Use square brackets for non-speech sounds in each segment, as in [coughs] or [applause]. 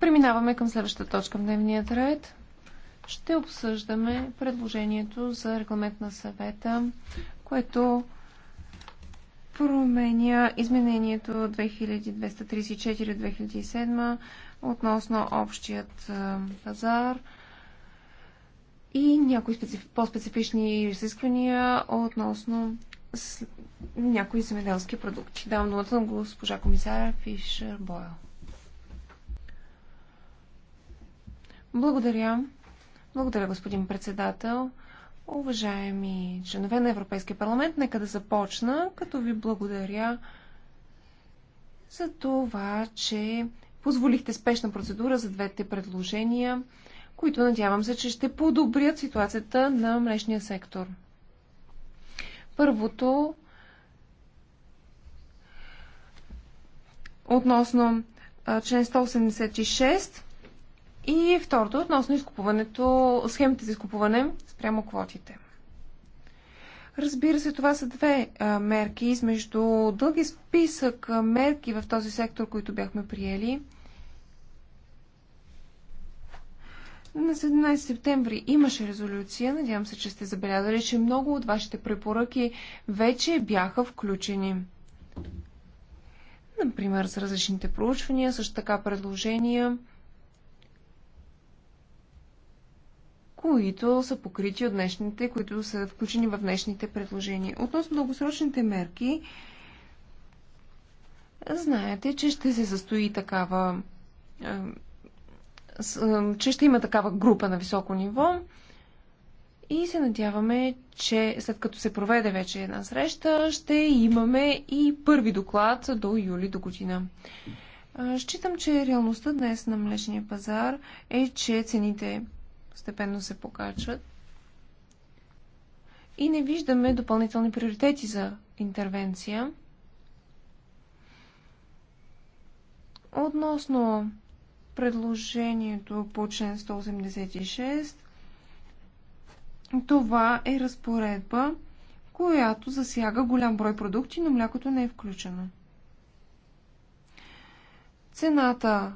Преминаваме към следващата точка в дневният ред. Ще обсъждаме предложението за регламент на съвета, което променя изменението 2234-2007 относно общият пазар и някои по-специфични изисквания относно някои земеделски продукти. Давам думата на госпожа комисаря Фишер Бойл. Благодаря. Благодаря, господин председател. Уважаеми членове на Европейския парламент, нека да започна, като ви благодаря за това, че позволихте спешна процедура за двете предложения, които надявам се, че ще подобрят ситуацията на млечния сектор. Първото относно член 186 и второто, е относно изкупуването, схемите за изкупуване спрямо квотите. Разбира се, това са две а, мерки измежду дълги списък а, мерки в този сектор, които бяхме приели. На 17 септември имаше резолюция. Надявам се, че сте забелязали, че много от вашите препоръки вече бяха включени. Например, с различните проучвания, също така предложения които са покрити от днешните, които са включени в днешните предложения. Относно дългосрочните мерки, знаете, че ще се състои такава че ще има такава група на високо ниво и се надяваме, че след като се проведе вече една среща, ще имаме и първи доклад до юли до година. Е, считам, че реалността днес на млечния пазар е, че цените постепенно се покачват. И не виждаме допълнителни приоритети за интервенция. Относно предложението по член 186, това е разпоредба, която засяга голям брой продукти, но млякото не е включено. Цената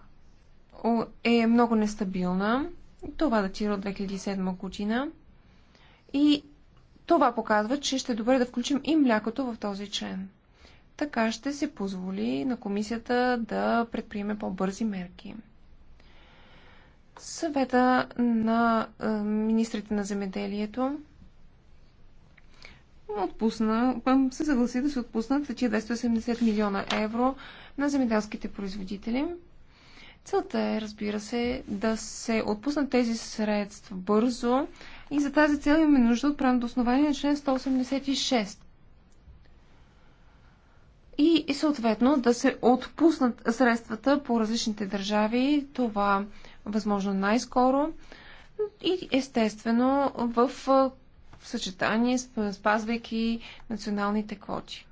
е много нестабилна това датира от 2007 година. И това показва, че ще е добре да включим и млякото в този член. Така ще се позволи на комисията да предприеме по-бързи мерки. Съвета на министрите на земеделието отпусна, се съгласи да се отпуснат тия 280 милиона евро на земеделските производители – Целта е, разбира се, да се отпуснат тези средства бързо и за тази цел имаме нужда от правното основание на член 186. И, и съответно да се отпуснат средствата по различните държави, това възможно най-скоро и естествено в съчетание, спазвайки националните квоти.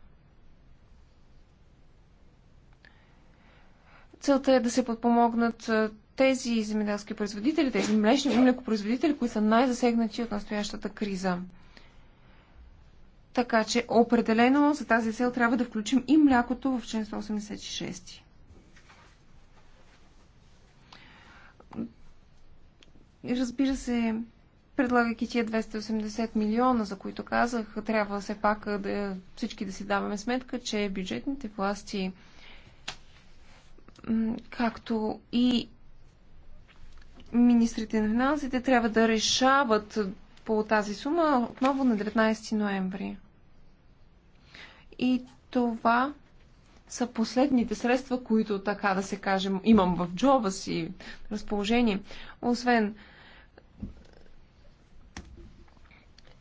Целта е да се подпомогнат тези земеделски производители, тези млечни млекопроизводители, които са най-засегнати от настоящата криза. Така че определено за тази цел трябва да включим и млякото в член 186. Разбира се, предлагайки тия 280 милиона, за които казах, трябва все пак да, всички да си даваме сметка, че бюджетните власти както и министрите на финансите трябва да решават по тази сума отново на 19 ноември. И това са последните средства, които, така да се кажем, имам в джоба си разположение. Освен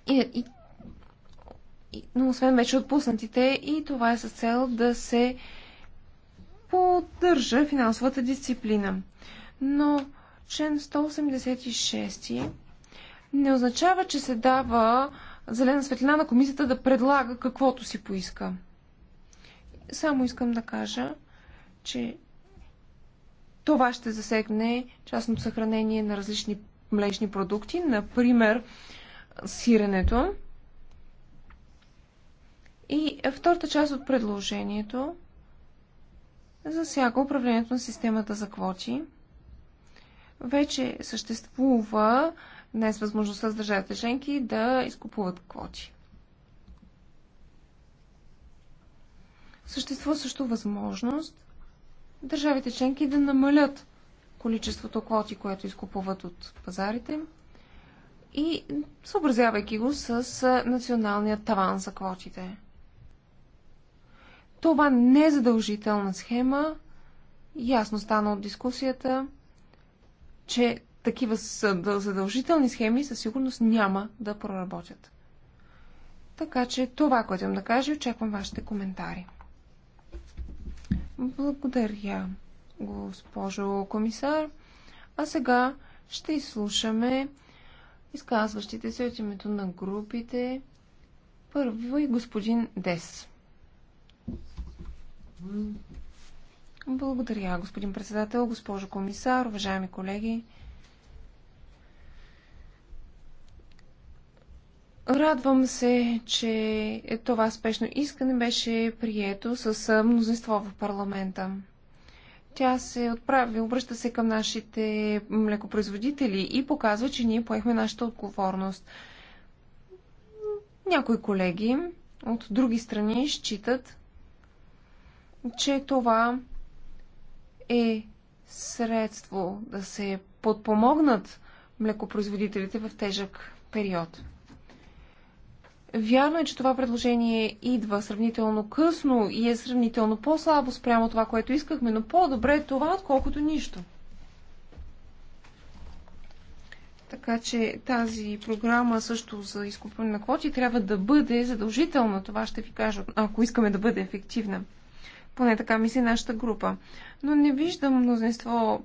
и, и, и, но освен вече отпуснатите и това е с цел да се а, поддържа финансовата дисциплина. Но член 186 не означава, че се дава зелена светлина на комисията да предлага каквото си поиска. Само искам да кажа, че това ще засегне частното съхранение на различни млечни продукти, например сиренето. И втората част от предложението засяга управлението на системата за квоти. Вече съществува днес възможността с държавите членки да изкупуват квоти. Съществува също възможност държавите членки да намалят количеството квоти, което изкупуват от пазарите и съобразявайки го с националния таван за квотите. Това не е задължителна схема. Ясно стана от дискусията, че такива задължителни схеми със сигурност няма да проработят. Така че това, което имам да кажа, очаквам вашите коментари. Благодаря, госпожо комисар. А сега ще изслушаме изказващите се от името на групите. Първо и господин Дес. Благодаря, господин председател, госпожо комисар, уважаеми колеги. Радвам се, че това спешно искане беше прието с мнозинство в парламента. Тя се отправи, обръща се към нашите млекопроизводители и показва, че ние поехме нашата отговорност. Някои колеги от други страни считат, че това е средство да се подпомогнат млекопроизводителите в тежък период. Вярно е, че това предложение идва сравнително късно и е сравнително по-слабо спрямо това, което искахме, но по-добре е това, отколкото нищо. Така че тази програма също за изкупване на квоти трябва да бъде задължителна. Това ще ви кажа, ако искаме да бъде ефективна. Поне така мисли нашата група. Но не виждам мнозинство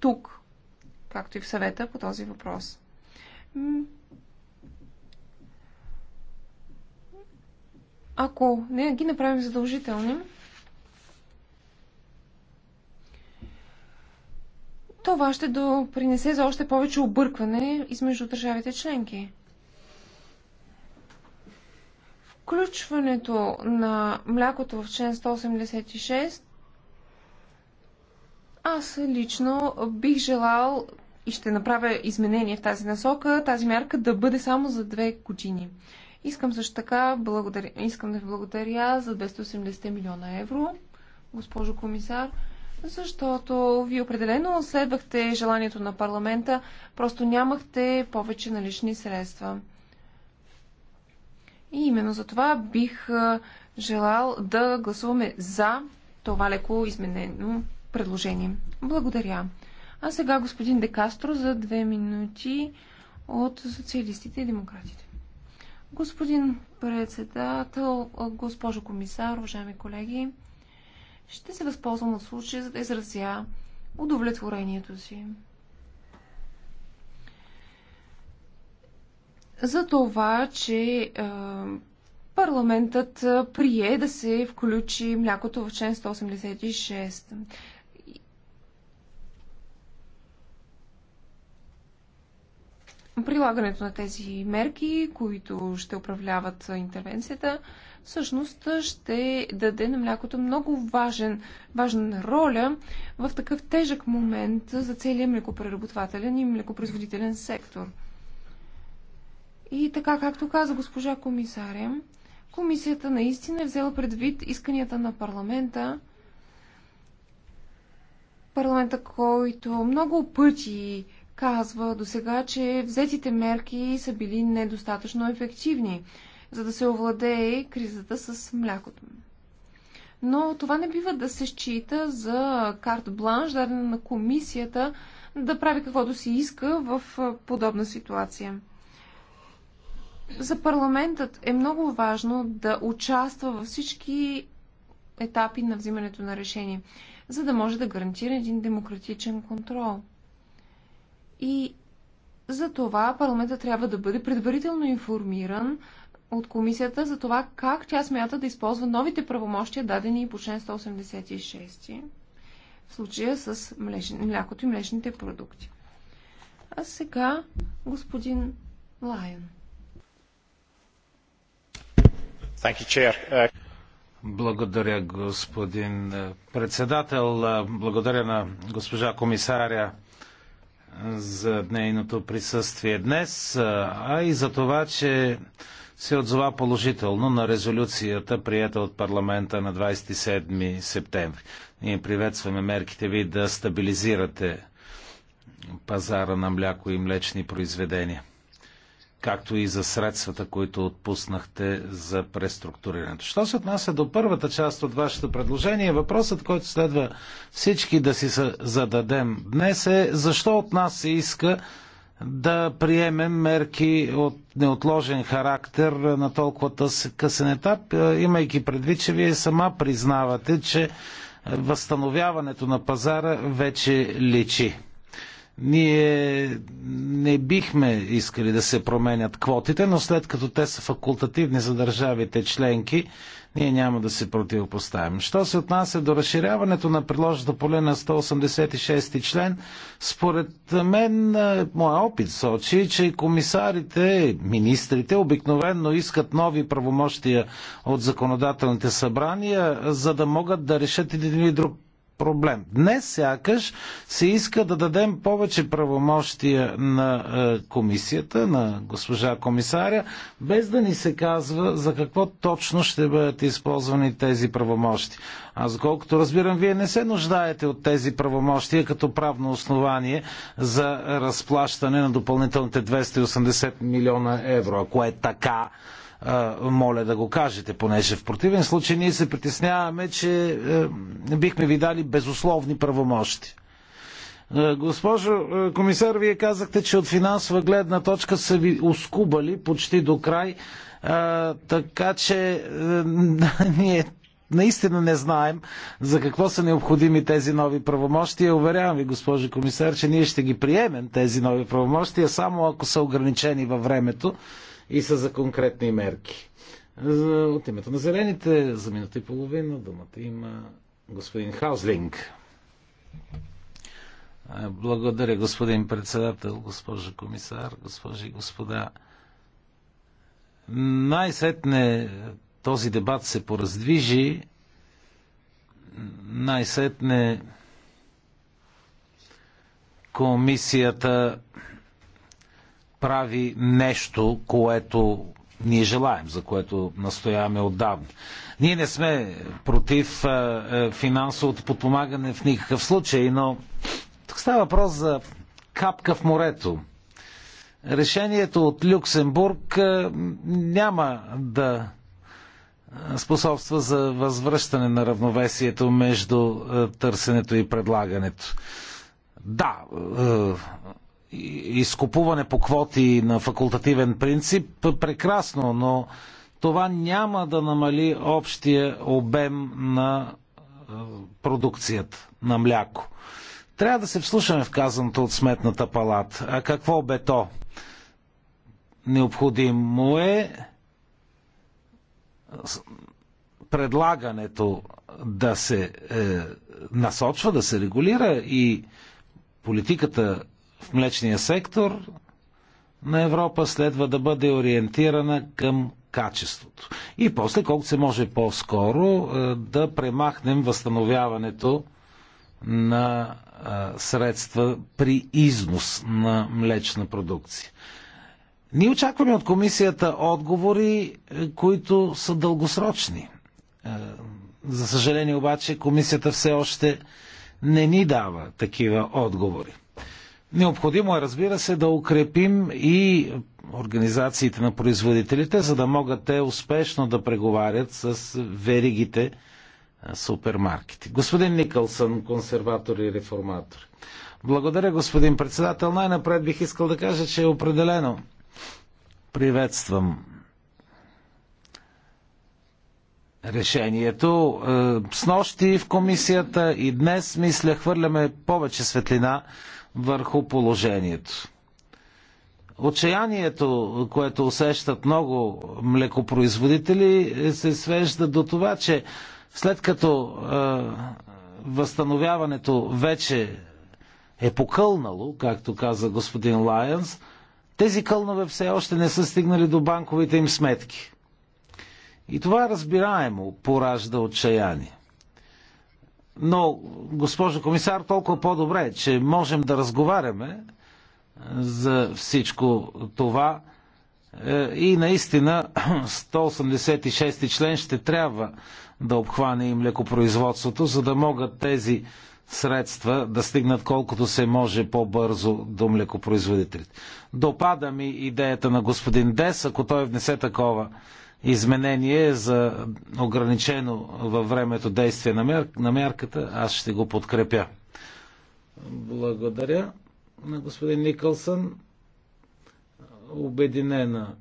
тук, както и в съвета по този въпрос. Ако не ги направим задължителни, това ще допринесе за още повече объркване измежду държавите членки. Включването на млякото в член 186 аз лично бих желал и ще направя изменение в тази насока, тази мярка да бъде само за две години. Искам също така, благодаря, искам да ви благодаря за 280 милиона евро, госпожо комисар, защото ви определено следвахте желанието на парламента, просто нямахте повече налични средства. И именно за това бих желал да гласуваме за това леко изменено предложение. Благодаря. А сега господин Декастро за две минути от социалистите и демократите. Господин председател, госпожо комисар, уважаеми колеги, ще се възползвам от случая, за да изразя удовлетворението си за това, че парламентът прие да се включи млякото в член 186. Прилагането на тези мерки, които ще управляват интервенцията, всъщност ще даде на млякото много важен, важна роля в такъв тежък момент за целия млекопреработвателен и млекопроизводителен сектор – и така, както каза госпожа комисаря, комисията наистина е взела предвид исканията на парламента. Парламента, който много пъти казва до сега, че взетите мерки са били недостатъчно ефективни, за да се овладее кризата с млякото. Но това не бива да се счита за карт бланш, дадена на комисията да прави каквото си иска в подобна ситуация. За парламентът е много важно да участва във всички етапи на взимането на решение, за да може да гарантира един демократичен контрол. И за това парламентът трябва да бъде предварително информиран от комисията за това как тя смята да използва новите правомощия, дадени по член 186, в случая с млякото и млечните продукти. А сега господин Лайон. Uh, Благодаря, господин председател. Благодаря на госпожа комисаря за нейното присъствие днес, а и за това, че се отзова положително на резолюцията, прията от парламента на 27 септември. Ние приветстваме мерките ви да стабилизирате пазара на мляко и млечни произведения както и за средствата, които отпуснахте за преструктурирането. Що се отнася до първата част от вашето предложение, въпросът, който следва всички да си зададем днес е защо от нас се иска да приемем мерки от неотложен характер на толкова късен етап, е, имайки предвид, че вие сама признавате, че възстановяването на пазара вече личи. Ние не бихме искали да се променят квотите, но след като те са факултативни за държавите членки, ние няма да се противопоставим. Що се отнася до разширяването на предложеното поле на 186 член, според мен, е, моя опит сочи, че комисарите, министрите обикновенно искат нови правомощия от законодателните събрания, за да могат да решат един или друг проблем. Днес сякаш се иска да дадем повече правомощия на е, комисията, на госпожа комисаря, без да ни се казва за какво точно ще бъдат използвани тези правомощи. Аз колкото разбирам, вие не се нуждаете от тези правомощия като правно основание за разплащане на допълнителните 280 милиона евро. Ако е така, моля да го кажете, понеже в противен случай ние се притесняваме, че е, бихме ви дали безусловни правомощи. Е, госпожо е, комисар, вие казахте, че от финансова гледна точка са ви оскубали почти до край, така че [laughs] ние наистина не знаем за какво са необходими тези нови правомощия. Уверявам ви, госпожо комисар, че ние ще ги приемем тези нови правомощия, само ако са ограничени във времето и са за конкретни мерки. От името на зелените за минута и половина думата има господин Хаузлинг. Е, благодаря, господин председател, госпожо комисар, госпожи и господа. Най-сетне този дебат се пораздвижи, най-сетне комисията прави нещо, което ние желаем, за което настояваме отдавна. Ние не сме против е, е, финансовото подпомагане в никакъв случай, но тук става въпрос за капка в морето. Решението от Люксембург е, няма да способства за възвръщане на равновесието между търсенето и предлагането. Да, изкупуване по квоти на факултативен принцип, прекрасно, но това няма да намали общия обем на продукцията на мляко. Трябва да се вслушаме в казаното от сметната палата. А какво бе то? Необходимо е предлагането да се е, насочва, да се регулира и политиката в млечния сектор на Европа следва да бъде ориентирана към качеството. И после, колкото се може по-скоро, е, да премахнем възстановяването на е, средства при износ на млечна продукция. Ние очакваме от комисията отговори, е, които са дългосрочни. За съжаление обаче, комисията все още не ни дава такива отговори. Необходимо е, разбира се, да укрепим и организациите на производителите, за да могат те успешно да преговарят с веригите супермаркети. Господин Никълсън, консерватор и реформатор. Благодаря, господин председател. Най-напред бих искал да кажа, че определено приветствам решението. С нощи в комисията и днес, мисля, хвърляме повече светлина върху положението. Отчаянието, което усещат много млекопроизводители, се свежда до това, че след като е, възстановяването вече е покълнало, както каза господин Лайенс, тези кълнове все още не са стигнали до банковите им сметки. И това разбираемо поражда отчаяние. Но, госпожо комисар, толкова по-добре, че можем да разговаряме е, за всичко това. Е, и наистина 186 [clears throat] член ще трябва да обхване и млекопроизводството, за да могат тези средства да стигнат колкото се може по-бързо до млекопроизводителите. Допада ми идеята на господин Дес, ако той внесе такова изменение за ограничено във времето действие на, мер... на мярката, аз ще го подкрепя. Благодаря на господин Никълсън. Обединена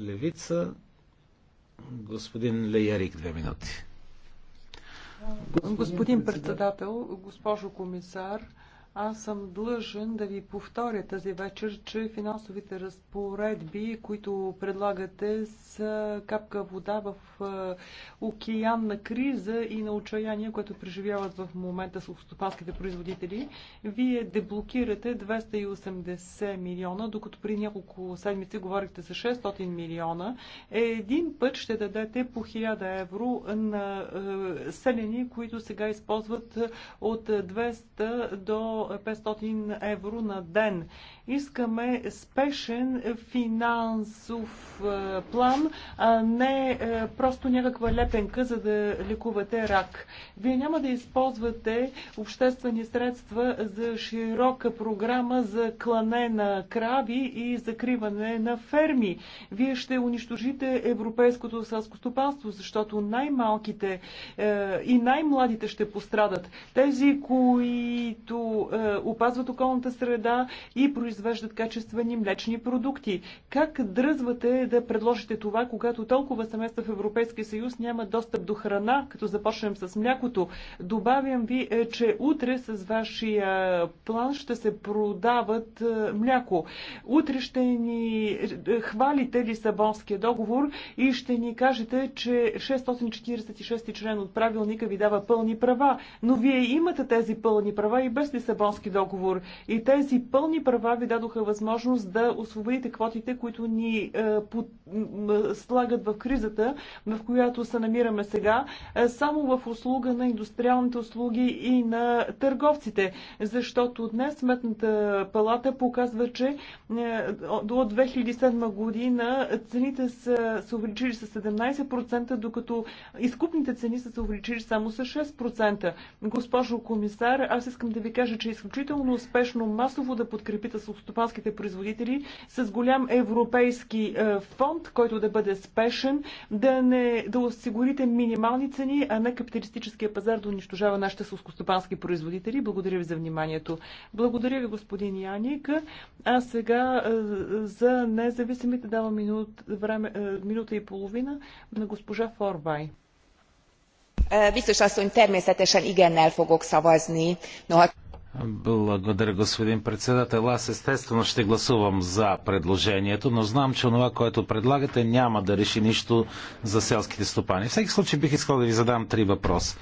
левица. Господин Леярик, две минути. Господин председател, госпожо комисар, аз съм длъжен да ви повторя тази вечер, че финансовите разпоредби, които предлагате, са капка вода в е, океан на криза и на отчаяние, което преживяват в момента стопанските производители. Вие деблокирате 280 милиона, докато при няколко седмици говорихте за 600 милиона. Един път ще дадете по 1000 евро на е, селени, които сега използват от 200 до 500 евро на ден. Искаме спешен финансов е, план, а не е, просто някаква лепенка, за да лекувате рак. Вие няма да използвате обществени средства за широка програма за клане на крави и закриване на ферми. Вие ще унищожите европейското селско стопанство, защото най-малките е, и най-младите ще пострадат. Тези, които опазват околната среда и произвеждат произвеждат качествени млечни продукти. Как дръзвате да предложите това, когато толкова семейства в Европейския съюз няма достъп до храна, като започнем с млякото? Добавям ви, е, че утре с вашия план ще се продават е, мляко. Утре ще ни е, хвалите Лисабонския договор и ще ни кажете, че 646 член от правилника ви дава пълни права. Но вие имате тези пълни права и без Лисабонски договор. И тези пълни права ви ви дадоха възможност да освободите квотите, които ни е, под... слагат в кризата, в която се намираме сега, е, само в услуга на индустриалните услуги и на търговците. Защото днес Сметната палата показва, че е, до 2007 година цените са се увеличили с 17%, докато изкупните цени са се увеличили само с 6%. Госпожо комисар, аз искам да ви кажа, че е изключително успешно масово да подкрепите с селскостопанските производители с голям европейски е, фонд, който да бъде спешен, да, не, да осигурите минимални цени, а не капиталистическия пазар да унищожава нашите селскостопански производители. Благодаря ви за вниманието. Благодаря ви, господин Яник. А сега е, за независимите давам минут, време, е, минута и половина на госпожа Форбай biztos asszony természetesen igennel fogok szavazni noha. Благодаря, господин председател. Аз естествено ще гласувам за предложението, но знам, че това, което предлагате, няма да реши нищо за селските стопани. Всеки случай бих искал да ви задам три въпроса.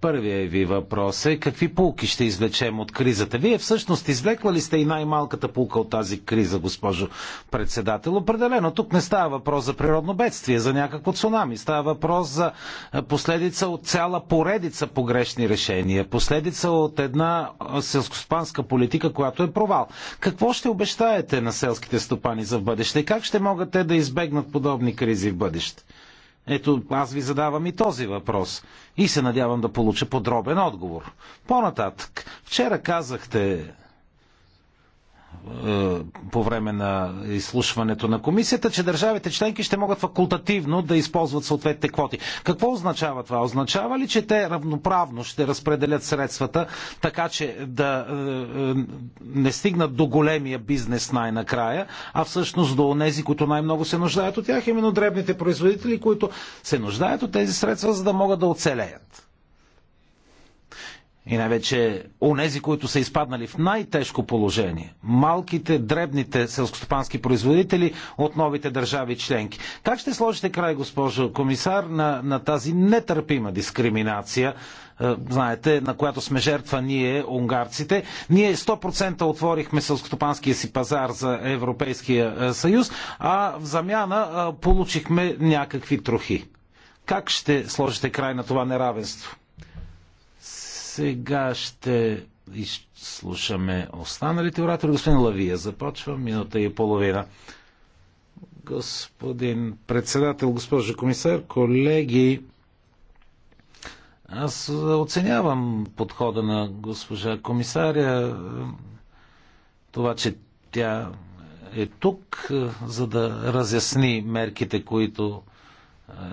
Първия ви въпрос е какви полки ще извлечем от кризата? Вие всъщност извлеквали сте и най-малката полка от тази криза, госпожо председател? Определено, тук не става въпрос за природно бедствие, за някакво цунами. Става въпрос за е, последица от цяла поредица погрешни решения. Последица от една е, селскоспанска политика, която е провал. Какво ще обещаете на селските стопани за в бъдеще? Как ще могат те да избегнат подобни кризи в бъдеще? Ето, аз ви задавам и този въпрос и се надявам да получа подробен отговор. По-нататък, вчера казахте, е, по време на изслушването на комисията, че държавите членки ще могат факултативно да използват съответните квоти. Какво означава това? Означава ли, че те равноправно ще разпределят средствата, така че да е, е, не стигнат до големия бизнес най-накрая, а всъщност до тези, които най-много се нуждаят от тях, именно дребните производители, които се нуждаят от тези средства, за да могат да оцелеят? И най-вече онези, които са изпаднали в най-тежко положение. Малките, дребните селскостопански производители от новите държави членки. Как ще сложите край, госпожо комисар, на, на тази нетърпима дискриминация, е, знаете, на която сме жертва ние, унгарците? Ние 100% отворихме селскостопанския си пазар за Европейския е, съюз, а в замяна е, получихме някакви трохи. Как ще сложите край на това неравенство? Сега ще изслушаме останалите оратори. Господин Лавия започва минута и половина. Господин председател, госпожо комисар, колеги, аз оценявам подхода на госпожа комисаря, това, че тя е тук, за да разясни мерките, които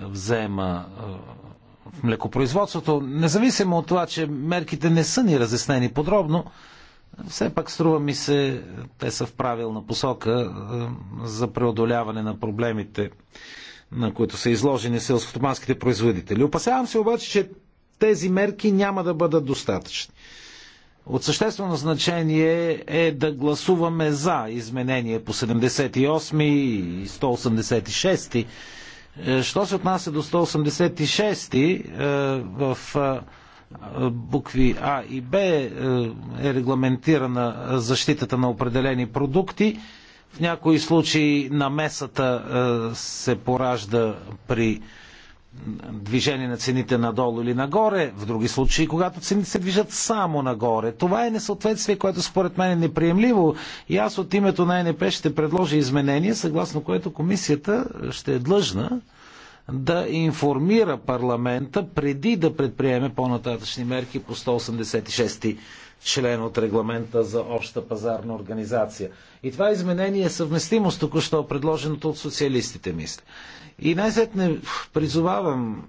взема в млекопроизводството, независимо от това, че мерките не са ни разяснени подробно, все пак струва ми се, те са в правилна посока е, за преодоляване на проблемите, на които са изложени селскостопанските производители. Опасявам се обаче, че тези мерки няма да бъдат достатъчни. От съществено значение е да гласуваме за изменение по 78 и 186 е, що се отнася до 186 е, в е, букви А и Б е регламентирана защитата на определени продукти. В някои случаи намесата се поражда при движение на цените надолу или нагоре, в други случаи, когато цените се движат само нагоре. Това е несъответствие, което според мен е неприемливо и аз от името на НП ще предложа изменение, съгласно което комисията ще е длъжна да информира парламента преди да предприеме по-нататъчни мерки по 186 член от регламента за обща пазарна организация. И това изменение е съвместимо с току-що предложеното от социалистите, мисля. И най-сетне призовавам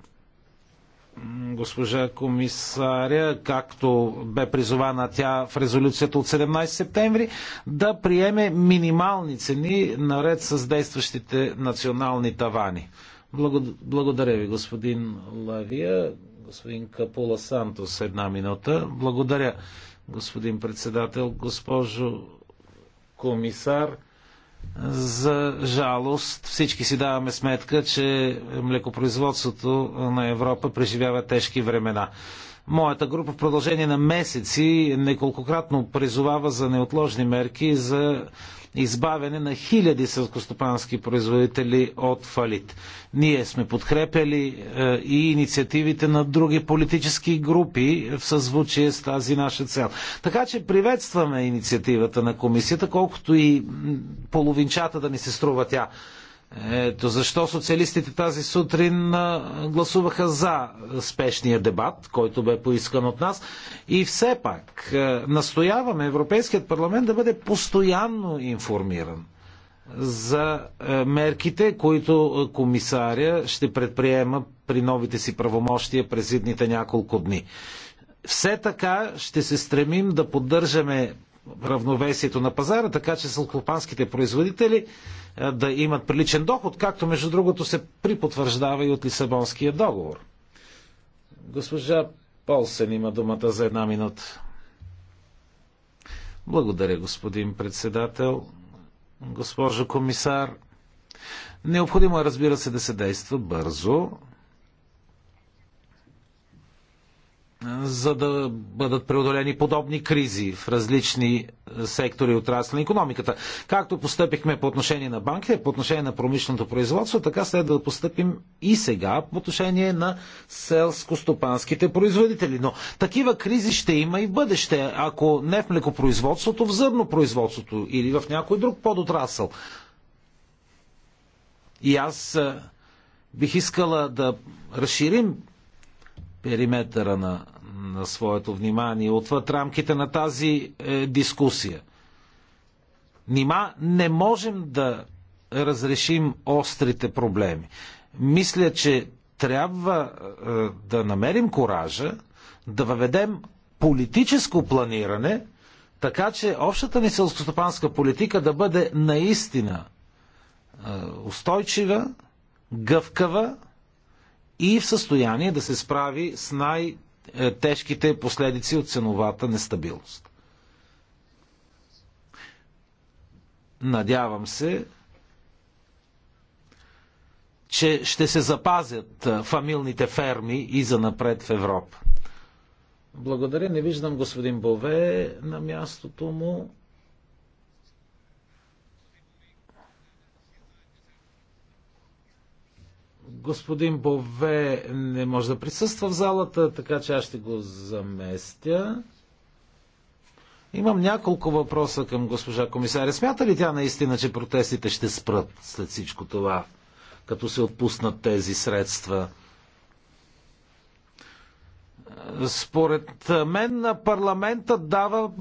госпожа комисаря, както бе призована тя в резолюцията от 17 септември, да приеме минимални цени наред с действащите национални тавани. Благодаря ви, господин Лавия. Господин Капула Сантос, една минута. Благодаря, господин председател, госпожо комисар. За жалост всички си даваме сметка, че млекопроизводството на Европа преживява тежки времена. Моята група в продължение на месеци неколкократно призовава за неотложни мерки за избавяне на хиляди сълскостопански производители от фалит. Ние сме подкрепяли е, и инициативите на други политически групи в съзвучие с тази наша цел. Така че приветстваме инициативата на комисията, колкото и половинчата да ни се струва тя. Ето защо социалистите тази сутрин гласуваха за спешния дебат, който бе поискан от нас. И все пак настояваме Европейският парламент да бъде постоянно информиран за мерките, които комисаря ще предприема при новите си правомощия през едните няколко дни. Все така ще се стремим да поддържаме равновесието на пазара, така че сълкопанските производители е, да имат приличен доход, както между другото се припотвърждава и от Лисабонския договор. Госпожа Полсен има думата за една минута. Благодаря, господин председател. Госпожо комисар, необходимо е, разбира се, да се действа бързо, за да бъдат преодолени подобни кризи в различни сектори и отрасли на економиката. Както постъпихме по отношение на банките, по отношение на промишленото производство, така следва да постъпим и сега по отношение на селско-стопанските производители. Но такива кризи ще има и в бъдеще, ако не в млекопроизводството, в зърнопроизводството или в някой друг подотрасъл. И аз бих искала да разширим периметъра на на своето внимание отвъд рамките на тази е, дискусия. Нима не можем да разрешим острите проблеми. Мисля, че трябва е, да намерим коража да въведем политическо планиране, така че общата ни селскостопанска политика да бъде наистина е, устойчива, гъвкава и в състояние да се справи с най- е, тежките последици от ценовата нестабилност. Надявам се, че ще се запазят е, фамилните ферми и за напред в Европа. Благодаря, не виждам господин Бове на мястото му. Господин Бове не може да присъства в залата, така че аз ще го заместя. Имам няколко въпроса към госпожа комисаря. Смята ли тя наистина, че протестите ще спрат след всичко това, като се отпуснат тези средства? Според мен парламентът дава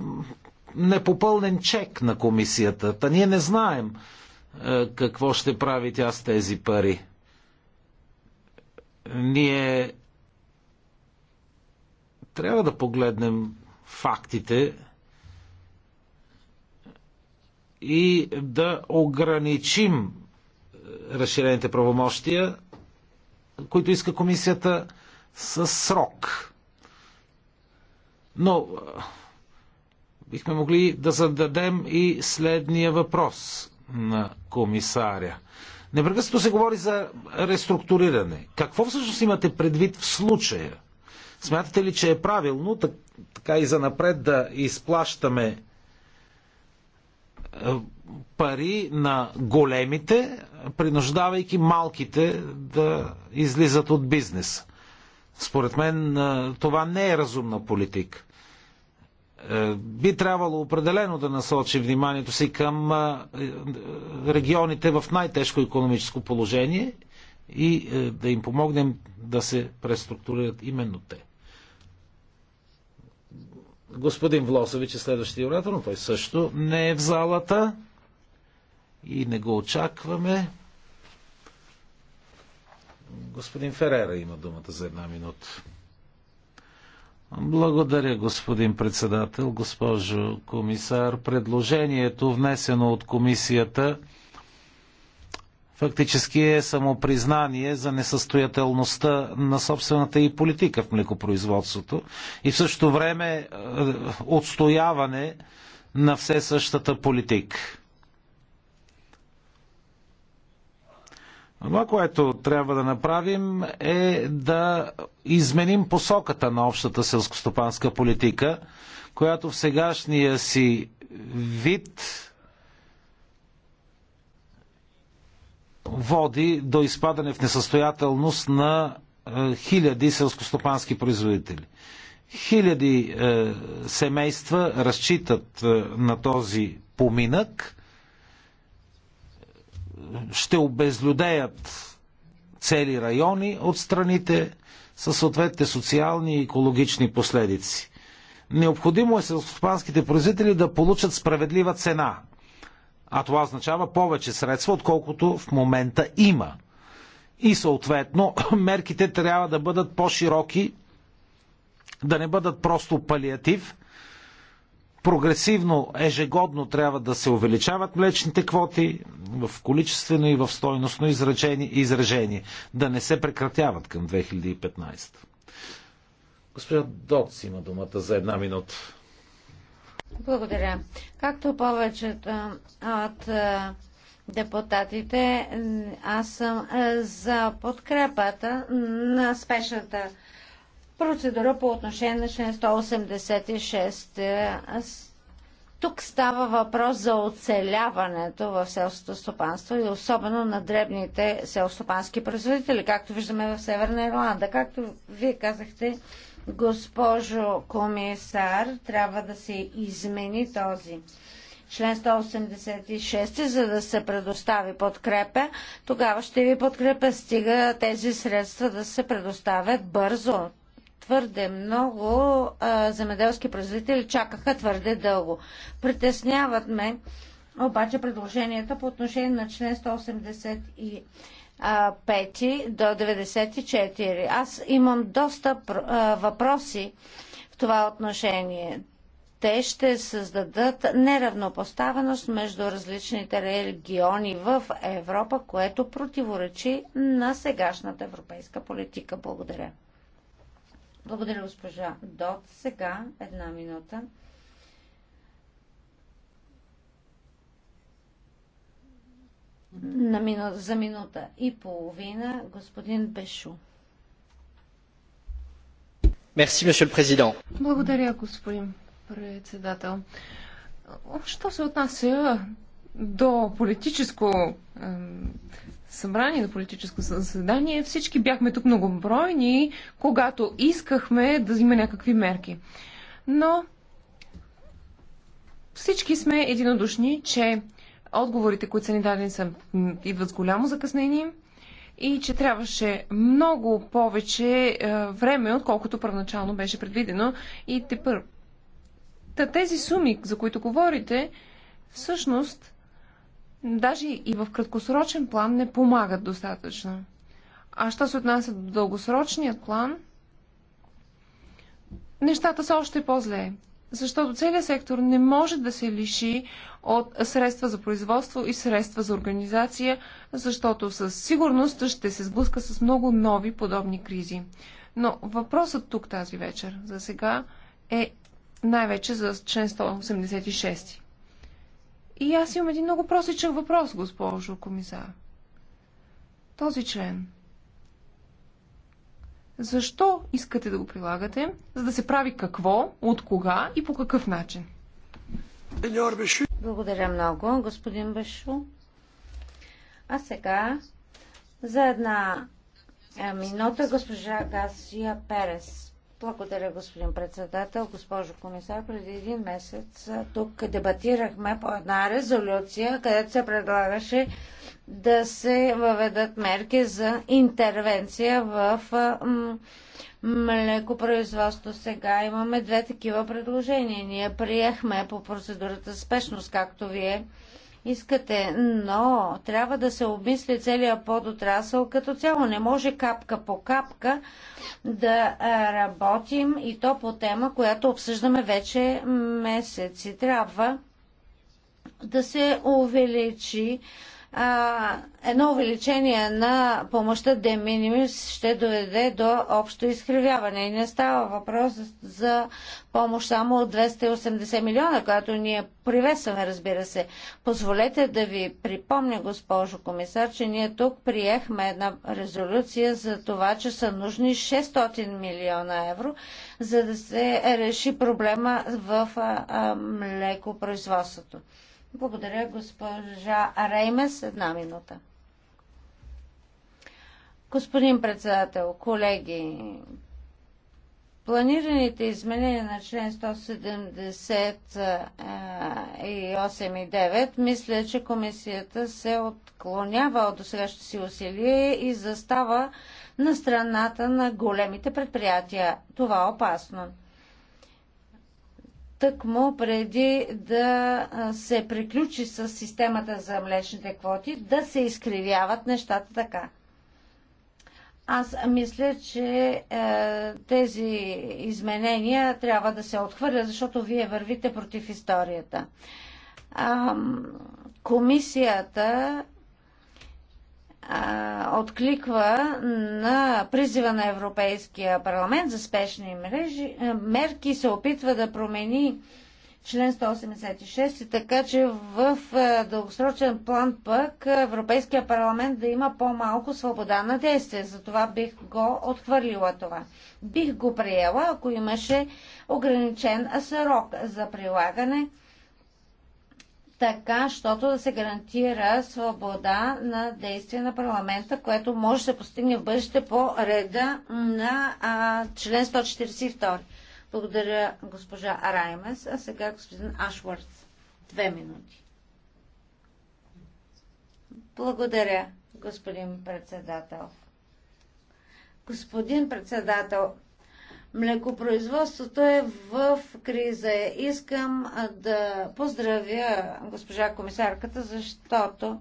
непопълнен чек на комисията. Та ние не знаем е, какво ще прави тя с тези пари. Ние трябва да погледнем фактите и да ограничим е, разширените правомощия, които иска комисията с срок. Но е, бихме могли да зададем и следния въпрос на комисаря. Непрекъснато се говори за реструктуриране. Какво всъщност имате предвид в случая? Смятате ли, че е правилно така и за напред да изплащаме е, пари на големите, принуждавайки малките да излизат от бизнеса? Според мен е, това не е разумна политика. Е, би трябвало определено да насочи вниманието си към е, е, регионите в най-тежко економическо положение и да им помогнем да се преструктурират именно те. Господин Влосович е следващия оратор, но той също не е в залата и не го очакваме. Господин Ферера има думата за една минута. Благодаря, господин председател, госпожо комисар. Предложението, внесено от комисията, фактически е самопризнание за несъстоятелността на собствената и политика в млекопроизводството и в същото време е, отстояване на все същата политика. Това, което трябва да направим е да изменим посоката на общата селскостопанска политика, която в сегашния си вид води до изпадане в несъстоятелност на е, хиляди селскостопански производители. Хиляди е, семейства разчитат е, на този поминък ще обезлюдеят цели райони от страните със съответните социални и екологични последици. Необходимо е селскостопанските производители да получат справедлива цена. А това означава повече средства, отколкото в момента има. И съответно, [coughs] мерките трябва да бъдат по-широки, да не бъдат просто палиатив, прогресивно, ежегодно трябва да се увеличават млечните квоти в количествено и в стойностно изражение, изражение да не се прекратяват към 2015. Госпожа Доц има думата за една минута. Благодаря. Както повечето от депутатите, аз съм за подкрепата на спешната процедура по отношение на член 186. Тук става въпрос за оцеляването в селското стопанство и особено на дребните селостопански производители, както виждаме в Северна Ирланда. Както вие казахте, госпожо комисар, трябва да се измени този член 186, за да се предостави подкрепа, тогава ще ви подкрепя, стига тези средства да се предоставят бързо твърде много а, земеделски производители чакаха твърде дълго. Притесняват ме обаче предложенията по отношение на член 185 до 94. Аз имам доста а, въпроси в това отношение. Те ще създадат неравнопоставеност между различните региони в Европа, което противоречи на сегашната европейска политика. Благодаря. Благодаря, госпожа Дот. Сега една минута. На мину... За минута и половина господин Бешу. Мерси, месье президент. Благодаря, господин председател. Що се отнася до политическо е, събрание, до политическо заседание, всички бяхме тук многобройни, когато искахме да взима някакви мерки. Но всички сме единодушни, че отговорите, които са ни дадени, са, идват с голямо закъснение и че трябваше много повече е, време, отколкото първоначално беше предвидено. И тепър... Та тези суми, за които говорите, всъщност даже и в краткосрочен план не помагат достатъчно. А що се отнася до дългосрочният план, нещата са още по-зле. Защото целият сектор не може да се лиши от средства за производство и средства за организация, защото със сигурност ще се сблъска с много нови подобни кризи. Но въпросът тук тази вечер за сега е най-вече за член 186. И аз имам един много просичен въпрос, госпожо комисар. Този член. Защо искате да го прилагате? За да се прави какво, от кога и по какъв начин? Благодаря много, господин Башу. А сега за една е, минута госпожа Гасия Перес. Благодаря, господин председател. Госпожо комисар, преди един месец тук дебатирахме по една резолюция, където се предлагаше да се въведат мерки за интервенция в млекопроизводство. Сега имаме две такива предложения. Ние приехме по процедурата спешност, както вие искате, но трябва да се обмисли целият подотрасъл като цяло. Не може капка по капка да е, работим и то по тема, която обсъждаме вече месеци. Трябва да се увеличи а, едно увеличение на помощта де минимис ще доведе до общо изкривяване. И не става въпрос за помощ само от 280 милиона, която ние привесваме. разбира се. Позволете да ви припомня, госпожо комисар, че ние тук приехме една резолюция за това, че са нужни 600 милиона евро, за да се реши проблема в а, а, млекопроизводството. Благодаря, госпожа Реймес. Една минута. Господин председател, колеги, планираните изменения на член 178 и 9 мисля, че комисията се отклонява от досегащите си усилия и застава на страната на големите предприятия. Това е опасно тъкмо преди да се приключи с системата за млечните квоти, да се изкривяват нещата така. Аз мисля, че е, тези изменения трябва да се отхвърлят, защото вие вървите против историята. Е, комисията откликва на призива на Европейския парламент за спешни мрежи, мерки се опитва да промени член 186, така че в дългосрочен план пък Европейския парламент да има по-малко свобода на действие. Затова бих го отхвърлила това. Бих го приела, ако имаше ограничен срок за прилагане така, щото да се гарантира свобода на действие на парламента, което може да се постигне в бъдеще по реда на а, член 142. Благодаря госпожа Раймес, а сега господин Ашвардс. Две минути. Благодаря, господин председател. Господин председател, Млекопроизводството е в криза. Искам да поздравя госпожа комисарката, защото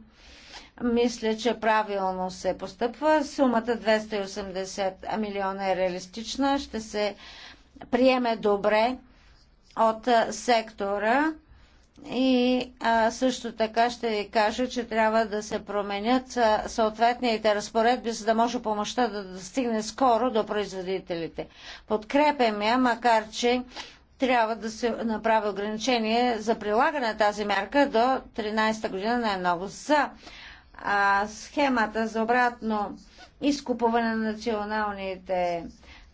мисля, че правилно се постъпва. Сумата 280 милиона е реалистична, ще се приеме добре от сектора и а, също така ще кажа, че трябва да се променят а, съответните разпоредби, за да може помощта да достигне скоро до производителите. Подкрепям я, макар че трябва да се направи ограничение за прилагане на тази мярка до 13-та година най-много за а, схемата за обратно изкупуване на националните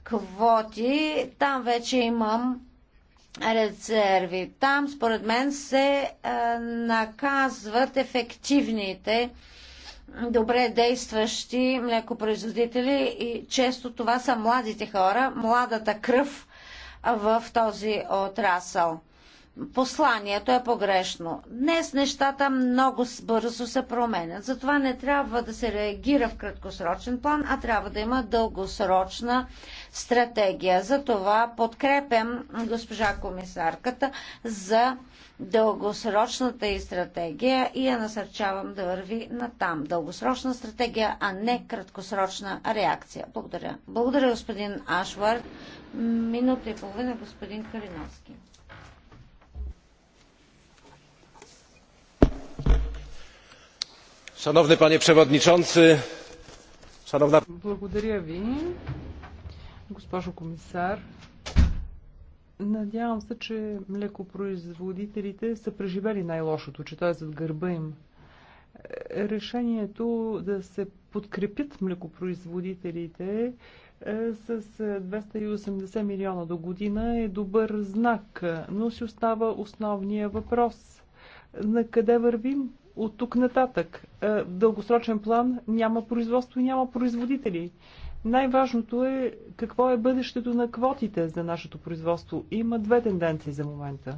квоти. Там вече имам резерви. Там, според мен, се а, е, наказват ефективните, добре действащи млекопроизводители и често това са младите хора, младата кръв в този отрасъл посланието е погрешно. Днес нещата много бързо се променят. Затова не трябва да се реагира в краткосрочен план, а трябва да има дългосрочна стратегия. Затова подкрепям госпожа комисарката за дългосрочната и стратегия и я насърчавам да върви на там. Дългосрочна стратегия, а не краткосрочна реакция. Благодаря. Благодаря, господин Ашвард. Минута и половина, господин Калиновски. Szanowny panie przewodniczący, szanowna... Благодаря ви, госпожо комисар. Надявам се, че млекопроизводителите са преживели най-лошото, че той е зад гърба им. Решението да се подкрепят млекопроизводителите е, с 280 милиона до година е добър знак, но си остава основния въпрос. На къде вървим? От тук нататък е, в дългосрочен план няма производство и няма производители. Най-важното е какво е бъдещето на квотите за нашето производство. Има две тенденции за момента.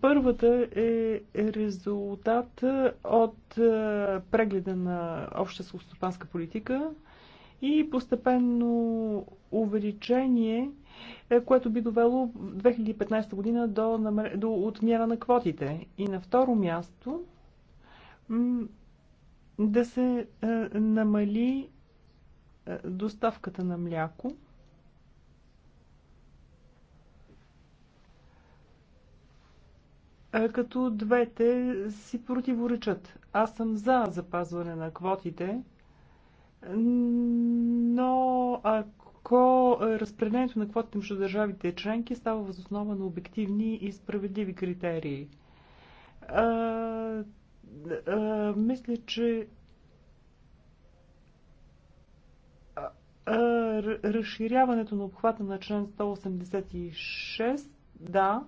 Първата е резултат от е, прегледа на обща селскостопанска политика и постепенно увеличение, е, което би довело в 2015 година до, до отмяна на квотите. И на второ място да се намали доставката на мляко. като двете си противоречат. Аз съм за запазване на квотите, но ако разпределението на квотите между държавите и членки става възоснова на обективни и справедливи критерии а, мисля, че а, а, разширяването на обхвата на член 186, да,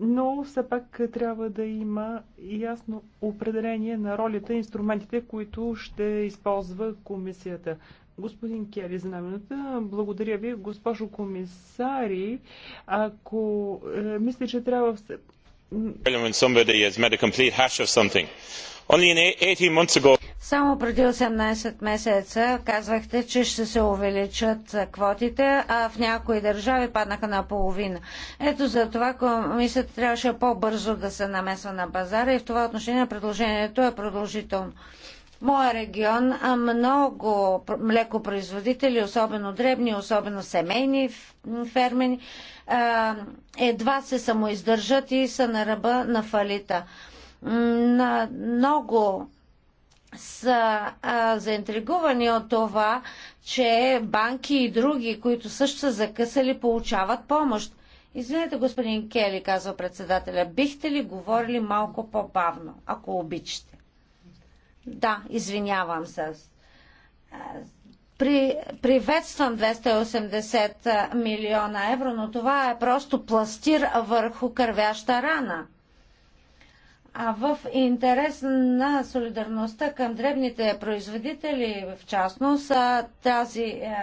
но все пак трябва да има ясно определение на ролята и инструментите, които ще използва комисията. Господин Кели, за знамената, благодаря ви. Госпожо комисари, ако е, мисля, че трябва само преди 18 месеца казвахте, че ще се увеличат квотите, а в някои държави паднаха на половина. Ето за това комисията трябваше по-бързо да се намесва на пазара и в това отношение предложението е продължително моя регион много млекопроизводители, особено дребни, особено семейни фермени, едва се самоиздържат и са на ръба на фалита. Много са а, заинтригувани от това, че банки и други, които също са закъсали, получават помощ. Извинете, господин Кели, казва председателя, бихте ли говорили малко по-бавно, ако обичате? Да, извинявам се. При, приветствам 280 милиона евро, но това е просто пластир върху кървяща рана. А в интерес на солидарността към дребните производители, в частност, тази е,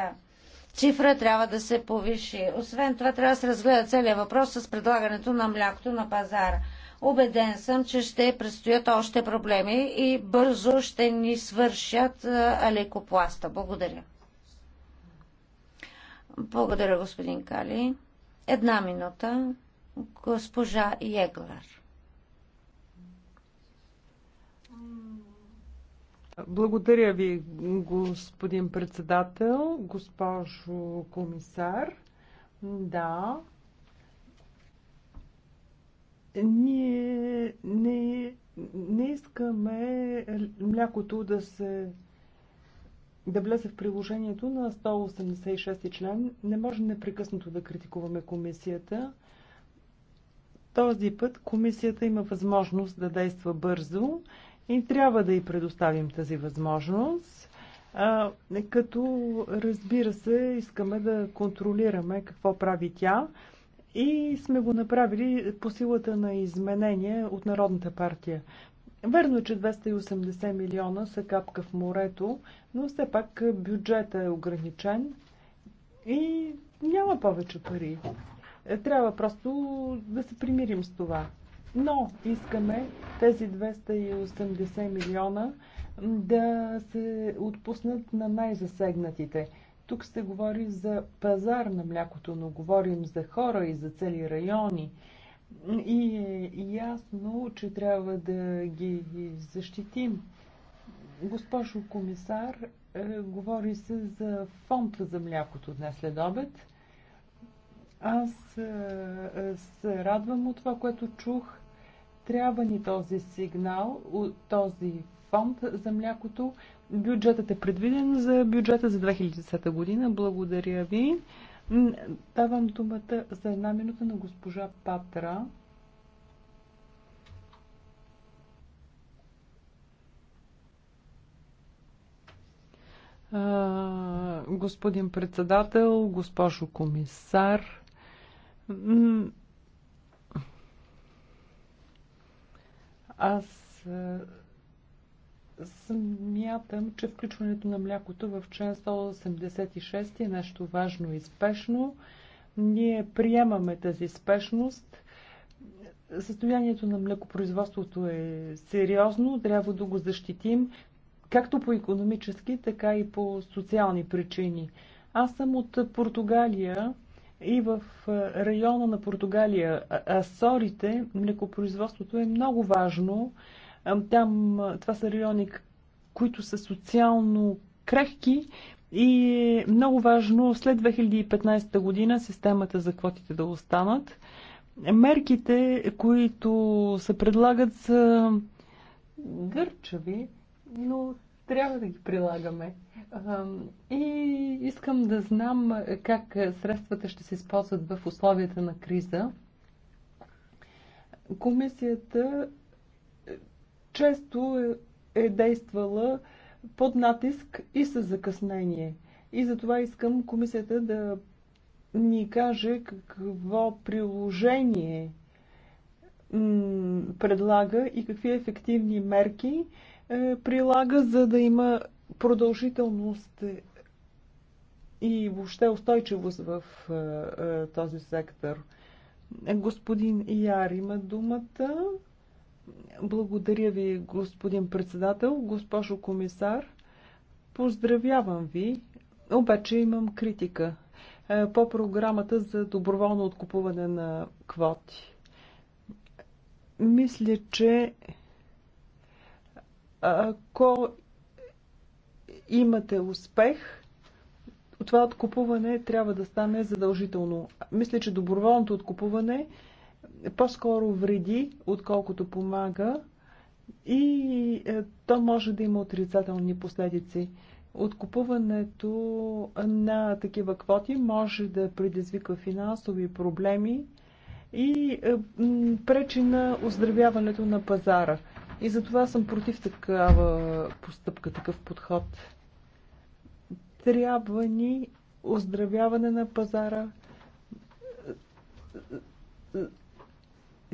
цифра трябва да се повиши. Освен това, трябва да се разгледа целият въпрос с предлагането на млякото на пазара. Обеден съм, че ще предстоят още проблеми и бързо ще ни свършат алекопласта. Благодаря. Благодаря, господин Кали. Една минута. Госпожа Еглар. Благодаря ви, господин председател, госпожо комисар. Да, ние не, не искаме млякото да се да влезе в приложението на 186 член. Не може непрекъснато да критикуваме комисията. Този път комисията има възможност да действа бързо и трябва да й предоставим тази възможност. А, като разбира се, искаме да контролираме какво прави тя и сме го направили по силата на изменения от Народната партия. Верно, е, че 280 милиона са капка в морето, но все пак бюджета е ограничен и няма повече пари. Е, трябва просто да се примирим с това. Но искаме тези 280 милиона да се отпуснат на най-засегнатите – тук се говори за пазар на млякото, но говорим за хора и за цели райони. И е ясно, че трябва да ги защитим. Госпожо комисар, е, говори се за фонд за млякото днес след обед. Аз е, е, се радвам от това, което чух. Трябва ни този сигнал, този фонд за млякото, Бюджетът е предвиден за бюджета за 2010 година. Благодаря ви. Давам думата за една минута на госпожа Патра. господин председател, госпожо комисар. Аз Смятам, че включването на млякото в член 186 е нещо важно и спешно. Ние приемаме тази спешност. Състоянието на млекопроизводството е сериозно, трябва да го защитим, както по економически, така и по социални причини. Аз съм от Португалия и в района на Португалия, Асорите, млекопроизводството е много важно. Там това са райони, които са социално крехки и е много важно след 2015 година системата за квотите да останат. Мерките, които се предлагат са гърчави, но трябва да ги прилагаме. И искам да знам как средствата ще се използват в условията на криза. Комисията често е действала под натиск и с закъснение. И затова искам комисията да ни каже какво приложение предлага и какви ефективни мерки е, прилага, за да има продължителност и въобще устойчивост в е, е, този сектор. Господин Яр има думата. Благодаря ви, господин председател, госпожо комисар. Поздравявам ви, обаче имам критика е, по програмата за доброволно откупуване на квоти. Мисля, че ако имате успех, това откупуване трябва да стане задължително. Мисля, че доброволното откупуване по-скоро вреди, отколкото помага и е, то може да има отрицателни последици. Откупуването на такива квоти може да предизвика финансови проблеми и е, пречи на оздравяването на пазара. И затова съм против такава постъпка, такъв подход. Трябва ни оздравяване на пазара,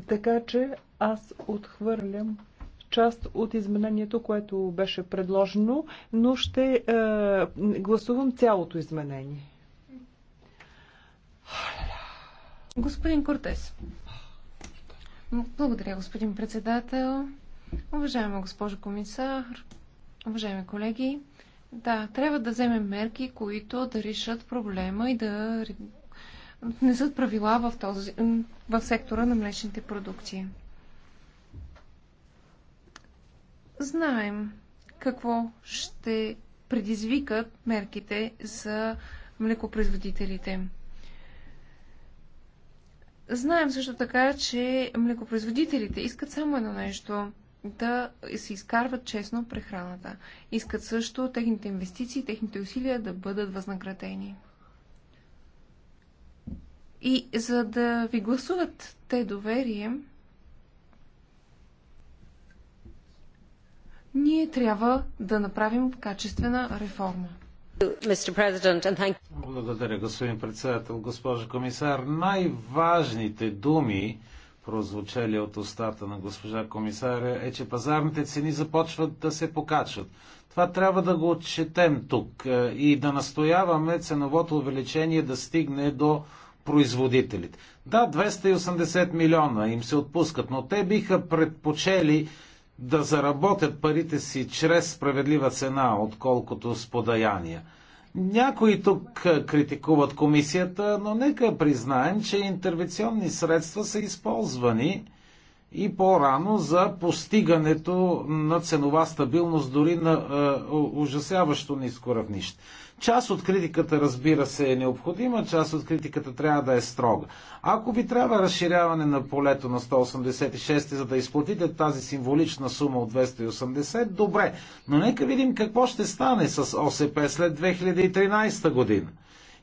така че аз отхвърлям част от изменението, което беше предложено, но ще е, гласувам цялото изменение. Господин Кортес. Благодаря, господин председател. Уважаема госпожо комисар, уважаеми колеги, да, трябва да вземем мерки, които да решат проблема и да внесат правила в, този, в сектора на млечните продукти. Знаем какво ще предизвикат мерките за млекопроизводителите. Знаем също така, че млекопроизводителите искат само едно нещо да се изкарват честно прехраната. Искат също техните инвестиции, техните усилия да бъдат възнаградени. И за да ви гласуват те доверие, ние трябва да направим качествена реформа. Благодаря, господин председател, госпожо комисар. Най-важните думи, прозвучали от устата на госпожа комисаря, е, че пазарните цени започват да се покачват. Това трябва да го отчетем тук е, и да настояваме ценовото увеличение да стигне до производителите. Да, 280 милиона им се отпускат, но те биха предпочели да заработят парите си чрез справедлива цена, отколкото с подаяния. Някои тук критикуват комисията, но нека признаем, че интервенционни средства са използвани и по-рано за постигането на ценова стабилност дори на е, ужасяващо ниско равнище. Част от критиката, разбира се, е необходима, част от критиката трябва да е строга. Ако ви трябва разширяване на полето на 186, за да изплатите тази символична сума от 280, добре. Но нека видим какво ще стане с ОСП след 2013 година.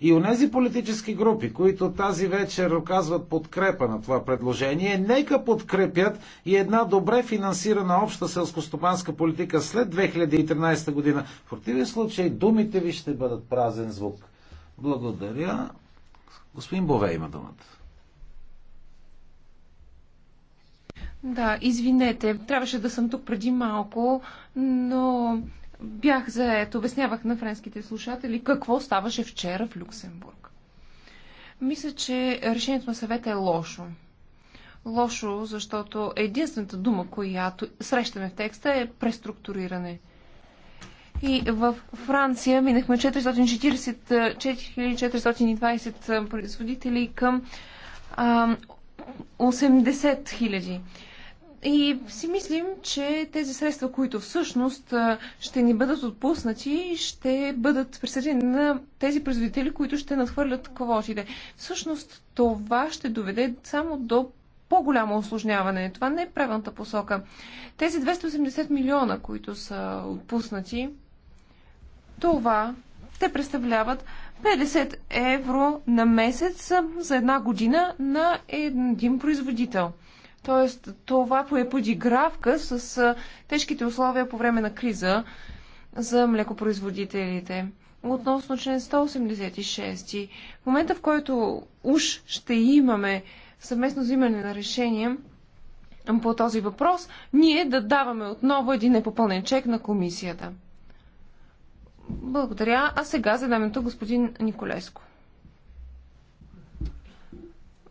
И онези политически групи, които тази вечер оказват подкрепа на това предложение, нека подкрепят и една добре финансирана обща селскостопанска политика след 2013 година. В противен случай думите ви ще бъдат празен звук. Благодаря. Господин Бове има думата. Да, извинете, трябваше да съм тук преди малко, но Бях заед, обяснявах на френските слушатели какво ставаше вчера в Люксембург. Мисля, че решението на съвета е лошо. Лошо, защото единствената дума, която срещаме в текста е преструктуриране. И в Франция минахме 440, 4420 производители към а, 80 000. И си мислим, че тези средства, които всъщност ще ни бъдат отпуснати, ще бъдат присъдени на тези производители, които ще надхвърлят квотите. Всъщност това ще доведе само до по-голямо осложняване. Това не е правилната посока. Тези 280 милиона, които са отпуснати, това те представляват 50 евро на месец за една година на един производител. Тоест, това е подигравка с тежките условия по време на криза за млекопроизводителите. Относно член 186, в момента в който уж ще имаме съвместно взимане на решение по този въпрос, ние да даваме отново един непопълнен чек на комисията. Благодаря. А сега задаме тук господин Николеско.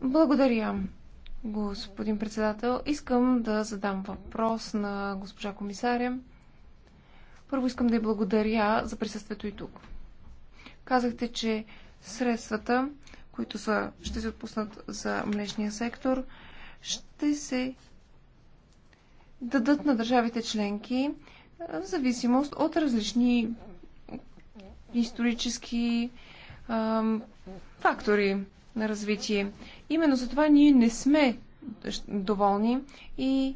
Благодаря господин председател. Искам да задам въпрос на госпожа комисаря. Първо искам да я благодаря за присъствието и тук. Казахте, че средствата, които са, ще се отпуснат за млечния сектор, ще се дадат на държавите членки в зависимост от различни исторически фактори на развитие. Именно за това ние не сме доволни и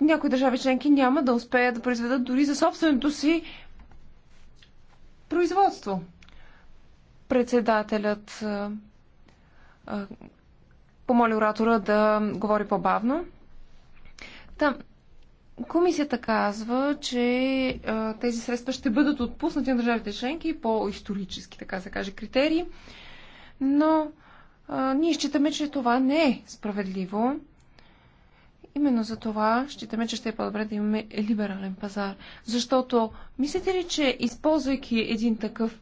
някои държави членки няма да успеят да произведат дори за собственото си производство. Председателят помоли оратора да говори по-бавно. Там, комисията казва, че а, тези средства ще бъдат отпуснати на държавите членки по исторически, така се каже, критерии но а, ние считаме, че това не е справедливо. Именно за това считаме, че ще е по-добре да имаме либерален пазар. Защото мислите ли, че използвайки един такъв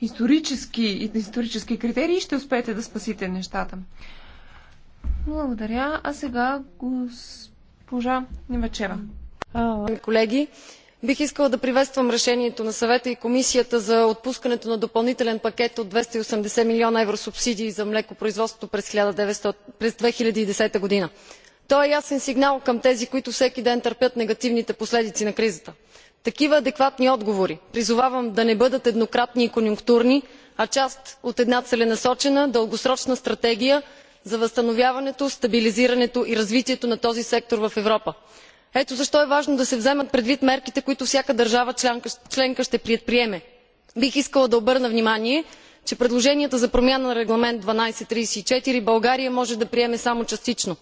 исторически, исторически критерии, ще успеете да спасите нещата? Благодаря. А сега госпожа Невачева. Колеги, бих искала да приветствам решението на съвета и комисията за отпускането на допълнителен пакет от двеста и осемдесет милиона евро субсидии за млекопроизводството през две хиляди и десета година. той е ясен сигнал към тези които всеки ден търпят негативните последици на кризата. такива адекватни отговори призовавам да не бъдат еднократни и конюнктурни а част от една целенасочена дългосрочна стратегия за възстановяването стабилизирането и развитието на този сектор в европа ето защо е важно да се вземат предвид мерките които всяка държава членка ще предприеме. бих искала да обърна внимание че предложенията за промяна на регламент one thousand two hundred and thirty four българия може да приеме само частично.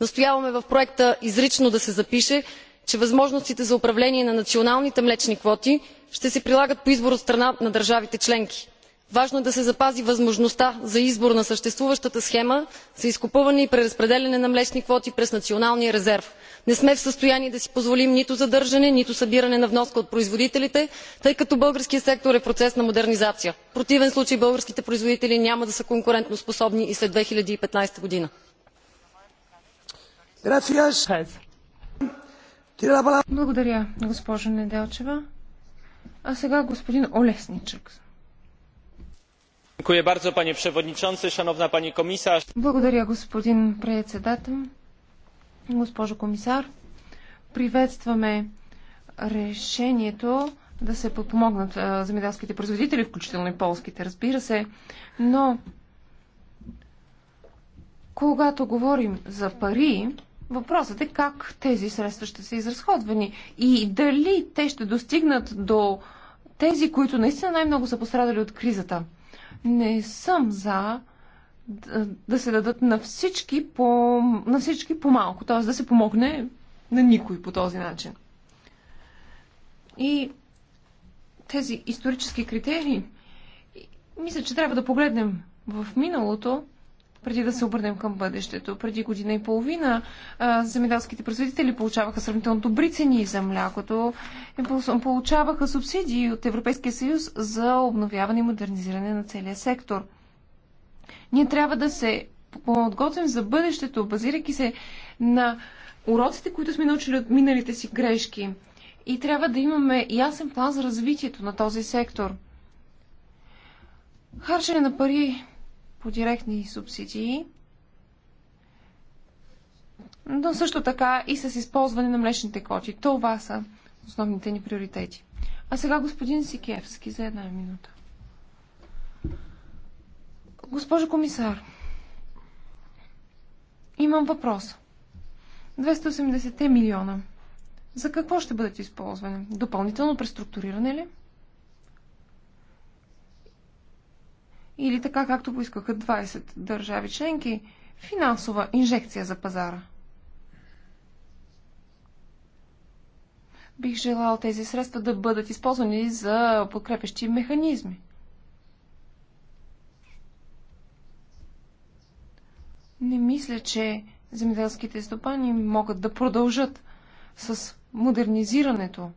настояваме в проекта изрично да се запише че възможностите за управление на националните млечни квоти ще се прилагат по избор от страна на държавите членки важно е да се запази възможността за избор на съществуващата схема за изкупуване и преразпределяне на млечни квоти през националния резерв. не сме в състояние да си позволим нито задържане нито събиране на вноска от производителите тъй като българският сектор е в процес на модернизация. в противен случай българските производители няма да са конкурентоспособни и след. две хиляди и петнадесета година. Благодаря, госпожо Неделчева. А сега господин Олесничък. Благодаря, господин председател. Госпожо комисар, приветстваме решението да се подпомогнат земеделските производители, включително и полските, разбира се. Но когато говорим за пари, въпросът е как тези средства ще са изразходвани и дали те ще достигнат до тези, които наистина най-много са пострадали от кризата – не съм за да се дадат на всички по, на всички по малко, т.е. да се помогне на никой по този начин. И тези исторически критерии, мисля, че трябва да погледнем в миналото преди да се обърнем към бъдещето. Преди година и половина земеделските производители получаваха сравнително добри цени за млякото и е, получаваха субсидии от Европейския съюз за обновяване и модернизиране на целия сектор. Ние трябва да се подготвим за бъдещето, базирайки се на уроците, които сме научили от миналите си грешки. И трябва да имаме ясен план за развитието на този сектор. Харчене на пари по директни субсидии, но също така и с използване на млечните коти. Това са основните ни приоритети. А сега господин Сикевски за една минута. Госпожо комисар, имам въпрос. 280 милиона. За какво ще бъдат използвани? Допълнително преструктуриране ли? или така както поискаха 20 държави членки, финансова инжекция за пазара. Бих желал тези средства да бъдат използвани за подкрепещи механизми. Не мисля, че земеделските стопани могат да продължат с модернизирането.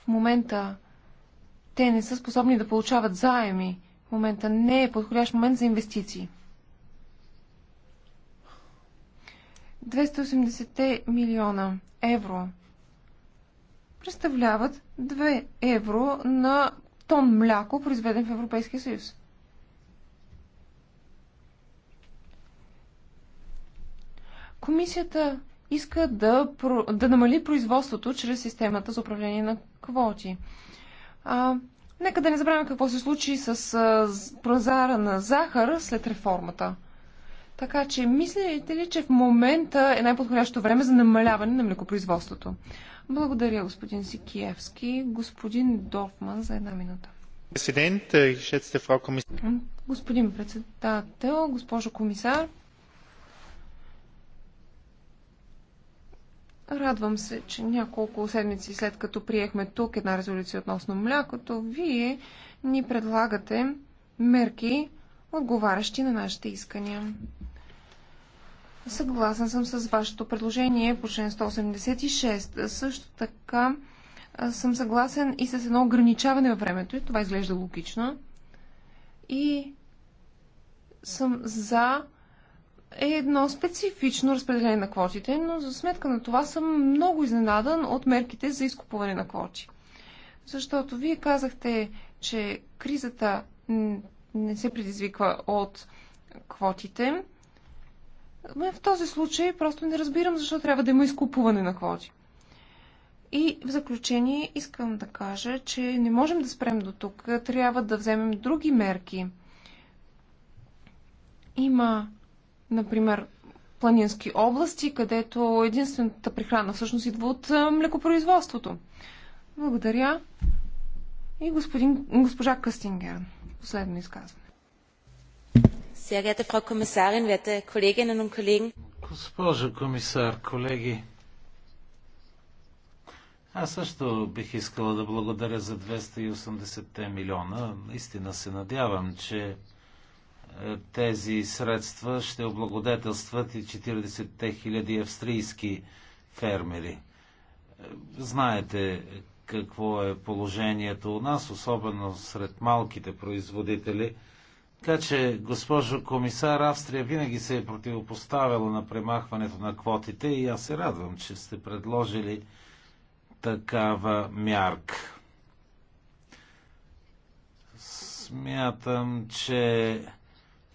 В момента те не са способни да получават заеми момента не е подходящ момент за инвестиции. 280 милиона евро представляват 2 евро на тон мляко, произведен в Европейския съюз. Комисията иска да, да намали производството чрез системата за управление на квоти. А, Нека да не забравяме какво се случи с прозара на захар след реформата. Така че, мислите ли, че в момента е най-подходящо време за намаляване на млекопроизводството? Благодаря, господин Сикиевски. Господин Дорфман за една минута. Господин председател, госпожо комисар, Радвам се, че няколко седмици след като приехме тук една резолюция относно млякото, вие ни предлагате мерки, отговарящи на нашите искания. Съгласен съм с вашето предложение по член 186. Също така съм съгласен и с едно ограничаване във времето, и това изглежда логично. И съм за е едно специфично разпределение на квотите, но за сметка на това съм много изненадан от мерките за изкупуване на квоти. Защото вие казахте, че кризата не се предизвиква от квотите. В този случай просто не разбирам защо трябва да има изкупуване на квоти. И в заключение искам да кажа, че не можем да спрем до тук. Трябва да вземем други мерки. Има например, планински области, където единствената прехрана всъщност идва от млекопроизводството. Благодаря. И господин, госпожа Къстингер, последно изказване. Госпожо комисар, колеги, аз също бих искала да благодаря за 280 милиона. Истина се надявам, че тези средства ще облагодетелстват и 40-те хиляди австрийски фермери. Знаете какво е положението у нас, особено сред малките производители. Така че, госпожо комисар, Австрия винаги се е противопоставила на премахването на квотите и аз се радвам, че сте предложили такава мярка. Смятам, че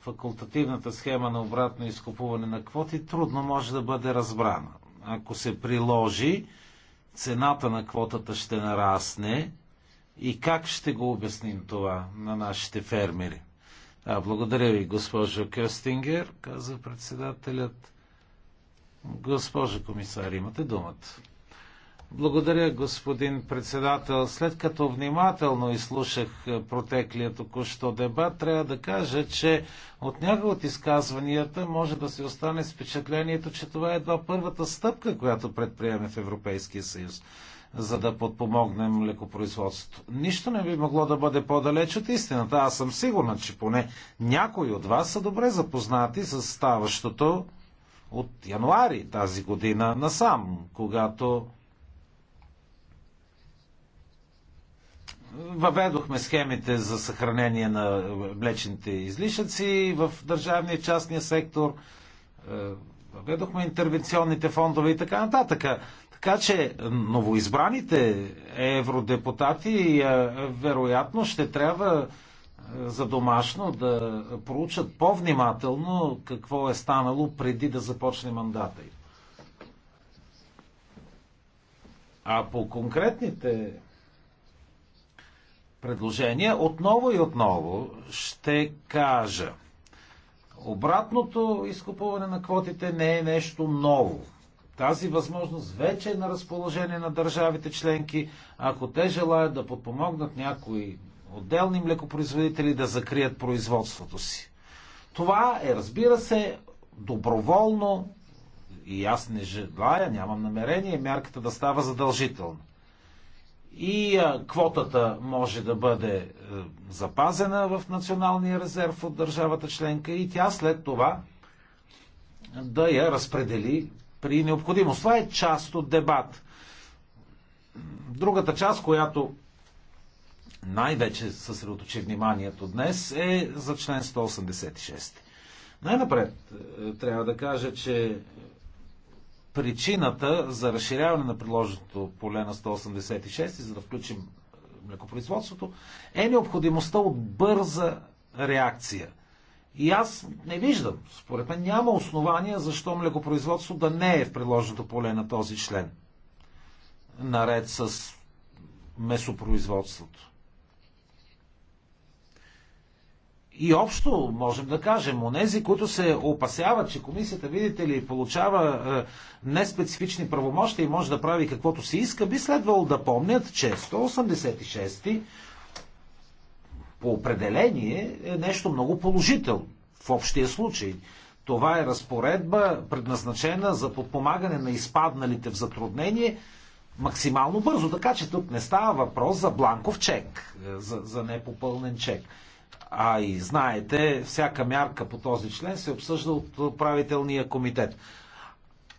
факултативната схема на обратно изкупуване на квоти трудно може да бъде разбрана. Ако се приложи, цената на квотата ще нарасне и как ще го обясним това на нашите фермери? А, благодаря ви, госпожо Кюстингер, каза председателят. Госпожо комисар, имате думата. Благодаря, господин председател. След като внимателно изслушах е, протеклия току-що дебат, трябва да кажа, че от някои от изказванията може да се остане с впечатлението, че това е едва първата стъпка, която предприеме в Европейския съюз за да подпомогнем лекопроизводството. Нищо не би могло да бъде по-далеч от истината. Аз съм сигурна, че поне някои от вас са добре запознати с ставащото от януари тази година насам, когато Въведохме схемите за съхранение на млечните излишъци в държавния и частния сектор, е, въведохме интервенционните фондове и така нататък. Така че новоизбраните евродепутати е, вероятно ще трябва е, за домашно да проучат по-внимателно какво е станало преди да започне мандата им. А по конкретните предложения. Отново и отново ще кажа. Обратното изкупуване на квотите не е нещо ново. Тази възможност вече е на разположение на държавите членки, ако те желаят да подпомогнат някои отделни млекопроизводители да закрият производството си. Това е, разбира се, доброволно и аз не желая, нямам намерение мярката да става задължителна и квотата може да бъде е, запазена в националния резерв от държавата членка и тя след това да я разпредели при необходимост. Това е част от дебат. Другата част, която най-вече съсредоточи вниманието днес, е за член 186. Най-напред е, трябва да кажа, че причината за разширяване на предложеното поле на 186 и за да включим е, млекопроизводството, е необходимостта от бърза реакция. И аз не виждам, според мен няма основания защо млекопроизводство да не е в предложеното поле на този член, наред с месопроизводството. И общо можем да кажем, онези, които се опасяват, че комисията, видите ли, получава е, неспецифични правомощи и може да прави каквото си иска, би следвало да помнят, че 186 ти по определение е нещо много положително в общия случай. Това е разпоредба, предназначена за подпомагане на изпадналите в затруднение максимално бързо. Така че тук не става въпрос за бланков чек, е, за, за непопълнен чек. А и знаете, всяка мярка по този член се обсъжда от правителния комитет.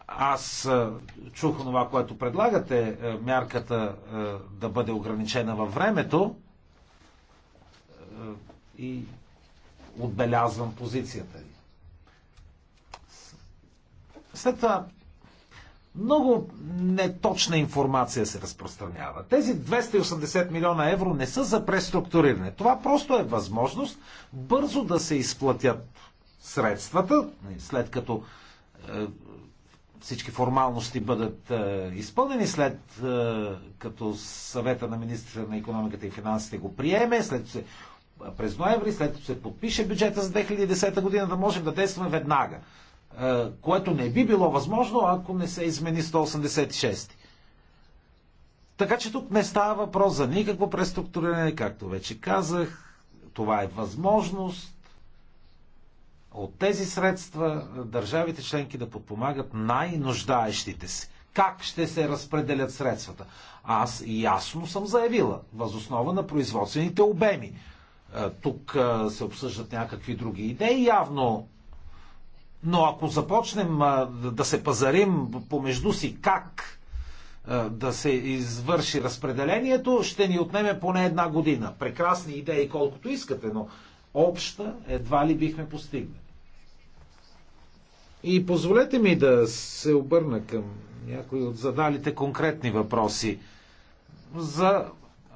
Аз е, чух това, което предлагате, е, мярката е, да бъде ограничена във времето и отбелязвам позицията ви. След това много неточна информация се разпространява. Тези 280 милиона евро не са за преструктуриране. Това просто е възможност бързо да се изплатят средствата, след като е, всички формалности бъдат е, изпълнени, след е, като съвета на министрите на економиката и финансите го приеме, след се през ноември, след като се подпише бюджета за 2010 година, да можем да действаме веднага. Е, което не би било възможно, ако не се измени 186. Така че тук не става въпрос за никакво преструктуриране, както вече казах. Това е възможност от тези средства държавите членки да подпомагат най-нуждаещите си. Как ще се разпределят средствата? Аз ясно съм заявила, възоснова на производствените обеми. Е, тук е, се обсъждат някакви други идеи. Явно но ако започнем да се пазарим помежду си как да се извърши разпределението, ще ни отнеме поне една година. Прекрасни идеи колкото искате, но обща едва ли бихме постигнали. И позволете ми да се обърна към някои от задалите конкретни въпроси за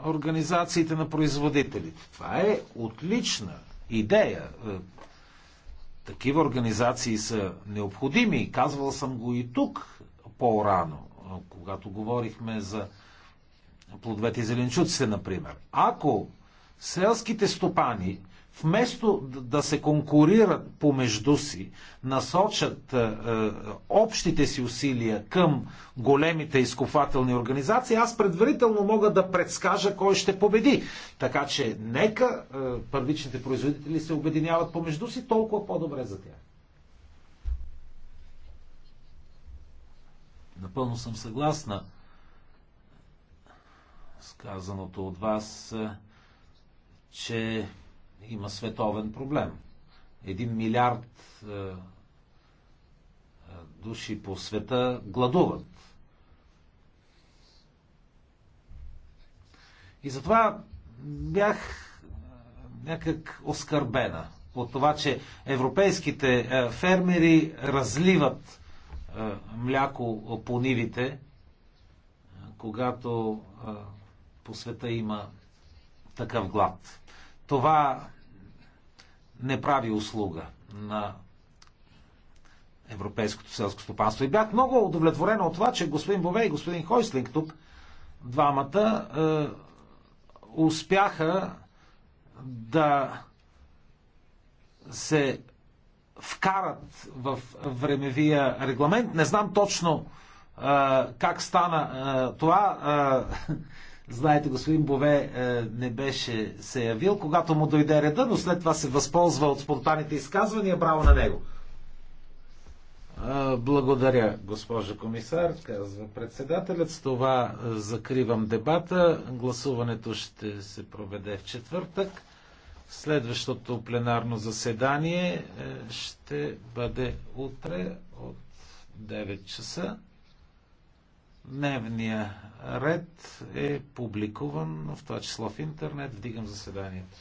организациите на производителите. Това е отлична идея, такива организации са необходими. Казвал съм го и тук по-рано, когато говорихме за плодовете и зеленчуците, например. Ако селските стопани вместо да се конкурират помежду си, насочат е, е общите си усилия към големите изкупателни организации, аз предварително мога да предскажа кой ще победи. Така че нека е, първичните производители се обединяват помежду си, толкова по-добре за тях. Напълно съм съгласна с казаното от вас, е, че има световен проблем. Един милиард е, е, души по света гладуват. И затова бях е, някак оскърбена от това, че европейските фермери разливат мляко по нивите, когато по света има такъв глад. Това не прави услуга на европейското селско стопанство. И бях много удовлетворен от това, че господин Бове и господин Хойслинг тук, двамата, е, успяха да се вкарат в времевия регламент. Не знам точно е, как стана е, това. Е, Знаете, господин Бове е, не беше се явил, когато му дойде реда, но след това се възползва от спонтанните изказвания. Браво на него! Е, благодаря, госпожо комисар, казва председателят. С това е, закривам дебата. Гласуването ще се проведе в четвъртък. Следващото пленарно заседание ще бъде утре от 9 часа. Дневния ред е публикуван, в това число в интернет. Вдигам заседанието.